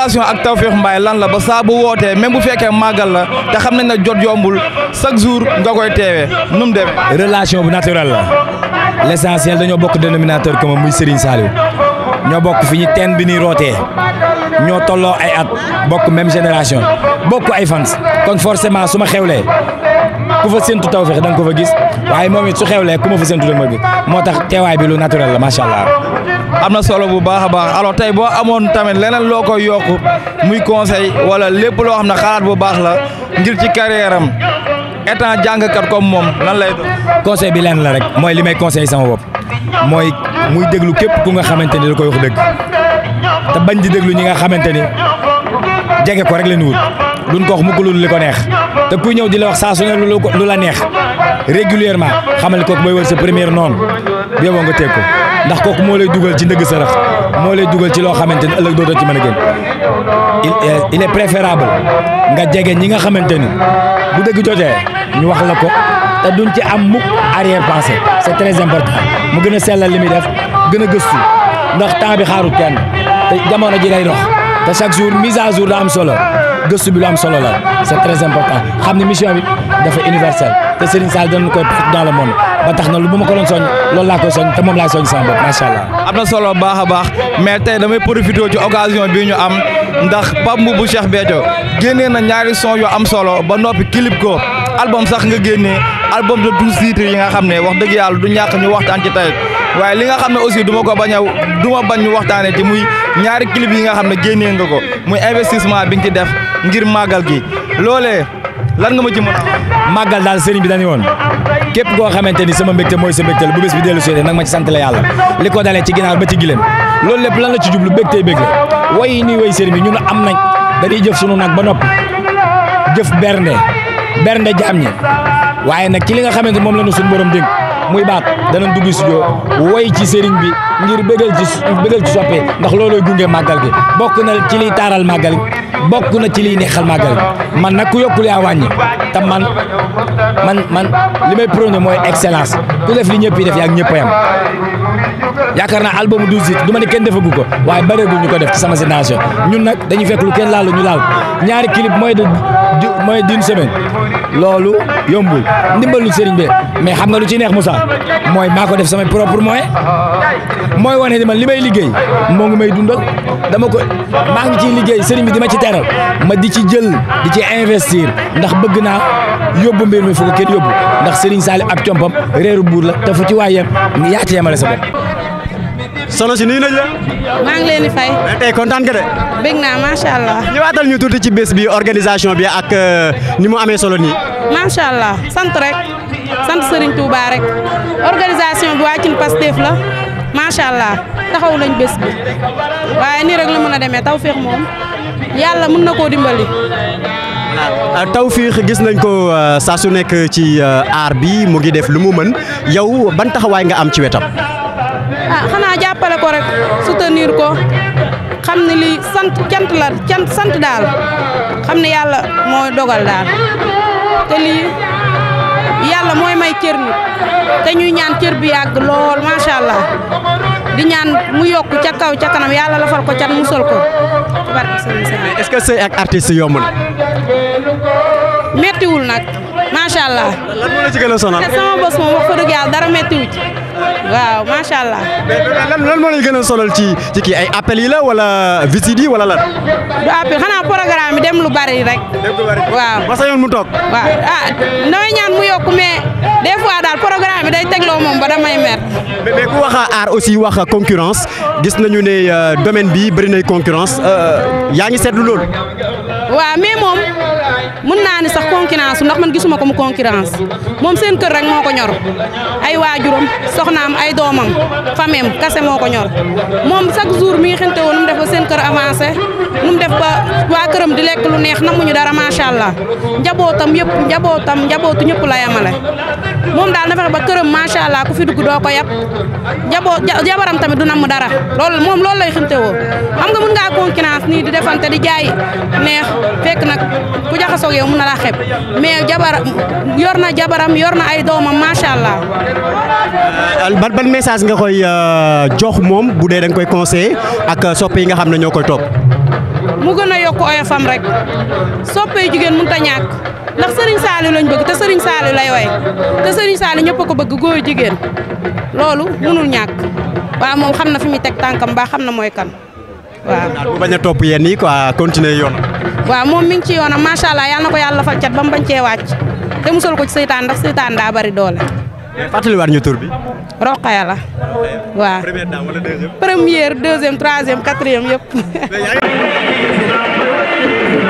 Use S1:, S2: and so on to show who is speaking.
S1: relation ak Tawfekh Mbaye lan la ba saa bu wootee même bu fekkee màggal la te xam nañ na jot yombul chaque jour nga koy teewee nu mu demee. relation bu naturel la l' essentiel dañoo bokk dénominateur commun muy Serigne Saliou ñoo bokk fi ñu teen bi ñuy rootee ñoo tolloo ay at bokk même génération bokk ay fans kon forcément su ma xewlee ku fa séntu taw feex danga nga ko fa gis waaye moom it su xewlee ku ma fa séntu da ma gis moo tax teewaay bi lu naturel la macha allah. am na solo bu baax a baax alors tey boo amoon tamit leneen loo koy yokk muy conseil wala lépp loo xam ne xalaat bu baax la ngir ci carrière am étant jàngkat comme moom lan lay doon. conseil bi lenn la rek mooy li may conseil sama bopp mooy muy déglu képp ku nga xamante ni da koy wax dëgg te bañ di déglu ñi nga xamante ni jege ko rek la duñ ko wax mukk lu li ko neex te kuy ñëw di la wax saa su ne lu la neex régulièrement xamal kooku mooy wër sa première noonu bu yeboo nga teg ko ndax kooku moo lay dugal ci ndëgg sërëx moo lay dugal ci loo xamante ni ëllëg dootoo ci mën a génn eh, il est préférable nga jege ñi nga xamante ni bu dëgg jotee ñu wax la ko te duñ ci am mukk arrière pensée c'est très important mu gën a sellal li muy def gën a gëstu ndax temps bi xaarut kenn te jamono ji day dox te chaque jour mise à jour da am solo gëstu bi lu am solo la c'est très important xam ne mission bi dafa universelle te Serigne Sall dinañ koy dans le monde ba tax na lu bu ma ko doon soñ loolu laa koy soñ te moom laay soñ sama bopp allah. am na solo baax a baax mais tey damay profité ci occasion bi am ndax Pape Mboup bu Cheikh Béthio génnee na ñaari son yu am solo ba noppi clip ko album sax nga génnee album de douze titres yi nga xam ne wax dëgg yàlla du ñàkk ñu waxtaan ci tey. waaye li nga xam ne aussi du ma ko bañ a du ma bañ ñu waxtaanee ci muy ñaari clip yi nga xam ne génnee nga ko muy investissement bi nga ci ngir màggal gi loole lan nga ma ci mën a màggal daal sëriñ bi dañu woon képp goo xamante ni sama mbégte mooy sa mbégte la bu bés bi dellu seede nag ma ci sant la yàlla li ko dalee ci ginaar ba ci gileem loolu lépp lan la ci jublu bégtey bég la way yi nii way sëriñ bi ñun am nañ dañuy jëf sunu nag ba noppi jëf bernde bernde jaam ñi waaye nag ci li nga xamante moom la ñu suñu borom dénk muy baat danañ dugg studio woy ci sëriñ bi ngir bëggal ci bëggal ci soppe ndax loolooy gunge màggal gi bokk na ci liy taaral màggal bokk na ci liy neexal màggal gi man nag ku yokkul yaa wàññi te man man man li may prôné mooy excellence ku def li ñëpp yi def yaa ñëpp yam yaakaar naa album douze hits du ma ne kenn defagu ko waaye bëreegul ñu ko def ci sama génération ñun nag dañuy fekk lu kenn laalu ñu laal ñaari clip mooy de mooy d'une semaine loolu yombul ndimbalu sëriñ be mais xam nga lu ci neex Moussa mooy maa ko def samay propre moyen mooy wane ni man li may liggéey moo ngi may dundal dama ko maa ngi ciy liggéey sëriñ bi di ma ci teral ma di ci jël di ci investir ndax bëgg naa yóbbu mbir mi fu ko kenn yóbbu ndax sëriñ Saali ak compam réeru buur la te fu ci waayam yaa ci yemale sa bopp. si nuyu nañ la.
S2: maa ngi leen fay. Eh,
S1: tey kontaan nga de.
S2: naa macha allah.
S1: ñëwaatal ñu tuuti ci bés bi organisation bi ak euh, ni mu amee solo nii.
S2: macha allah sant rek sant Serigne Touba rek organisation bi waa Cine Pastef la. macha allah taxaw lañ bés bi waaye nii rek la mën a demee tawféex moom yàlla mën na koo dimbali.
S1: Ah, Tawfekh gis nañ ko euh, saa su nekk ci euh, aar bi mu ngi def lu mu mën yow ban taxawaay nga am ci wetam.
S2: ah xanaa jàppale ko rek soutenir ko xam ne lii sant cant la cant sant daal xam ne yàlla moo dogal daal te lii. cër nit te ñuy ñaan cër bi yàgg lool macha allah di ñaan mu yokk ca kaw ca kanam yàlla lafal ko cat mu sol ko ci
S1: barke sëy ak artiste yomb
S2: méttiwul nag macha allah. lan moo la ci gën a sonal. sama bos moom wax fa dëgg dara méttiwu ci. waaw macha allah.
S1: lan moo la gën a sonal ci ci kii ay appel yi la
S2: wala visite yi wala lan. du appel xanaa programme dem lu bari rek. waaw. ba sa mu toog. waaw ah nooy mu yokk mais des daal programme day tegloo moom ba damay mer. mais ku wax
S1: aar aussi wax concurrence gis nañu ne euh, domaine bi bëri nay concurrence euh, yaa ngi seetlu loolu.
S2: waaw mais moom. mën naa ni sax concurrence ndax man gisuma ko mu concurrence moom seen kër rek moo ko ñor ay waajuram soxnaam ay doomam fameem kase moo ko ñor moom chaque jour mi ngi xente woon nu mu def ba seen kër avancé nu mu def ba waa këram di lekk lu neex namuñu dara macha allah njabootam yëpp njabootam njabootu ñëpp la yamale moom daal na fexe ba kërëm macha allah ku fi dugg doo ko yab jaboot jabaram tamit du namm dara loolu moom loolu lay xente woo xam nga mën ngaa concurrence nii di defante di jaay neex jaxasoog yow mun a laa xeeb mais jabar yor na jabaram yor na ay doomam macha allah.
S1: Euh, ban ban message nga koy euh, jox moom bu dee da koy conseillé ak euh, soppe yi nga xam ne ñoo koy topp.
S2: mu gën a yokk oyofam rek soppe jigéen mënut a ñàkk ndax Serigne Saliou lañ bëgg te Serigne Saliou lay way te Serigne Saliou ñëpp ko bëgg góor jigéen loolu mënul ñàkk waaw moom xam na fi muy teg tànkam baa xam na mooy kan
S1: waaw. bu bañ a topp yenn yi quoi continuer yoon.
S2: waaw moom mi ngi ci yoonam macha allah yal na ko yàlla fal cat ba mu bañ cee wàcc te musal ko ci seytaan ndax seytaan daa bari doole.
S1: fàttaliwaat ñu tur bi.
S2: Roqaya la waaw. première dame wala deuxième. première